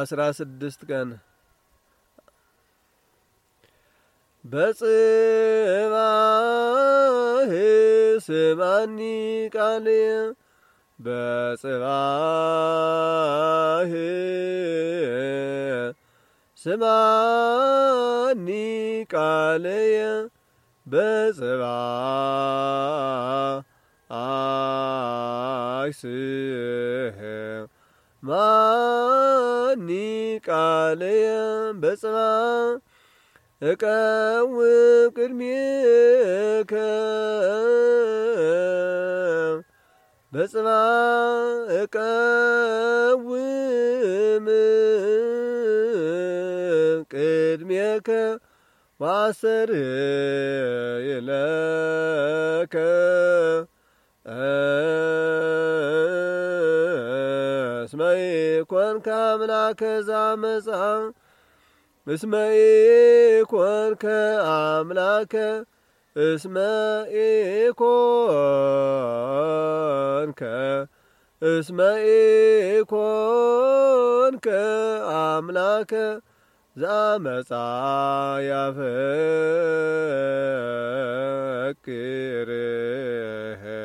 አስራ ስድስት ቀን በጽባህ ስማኒ ቃል በጽባህ ስማኒ ቃል በጽባህ ስማ ቃለየ በጽባ እቀውም ቅድሜከ በጽባ እቀውም ቅድሜከ ዋሰር የለከ እስመ ኢኮንከ አምላከ ዛመፃ እስመይ ኮንከ አምላከ እስመ ኮንከ እስመ ኮንከ አምላከ ዛመፃ ያፈቅርህ